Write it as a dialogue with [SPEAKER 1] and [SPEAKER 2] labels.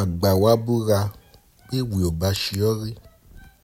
[SPEAKER 1] àgbà wa búra béèwé ò bá ṣe ọ́ rí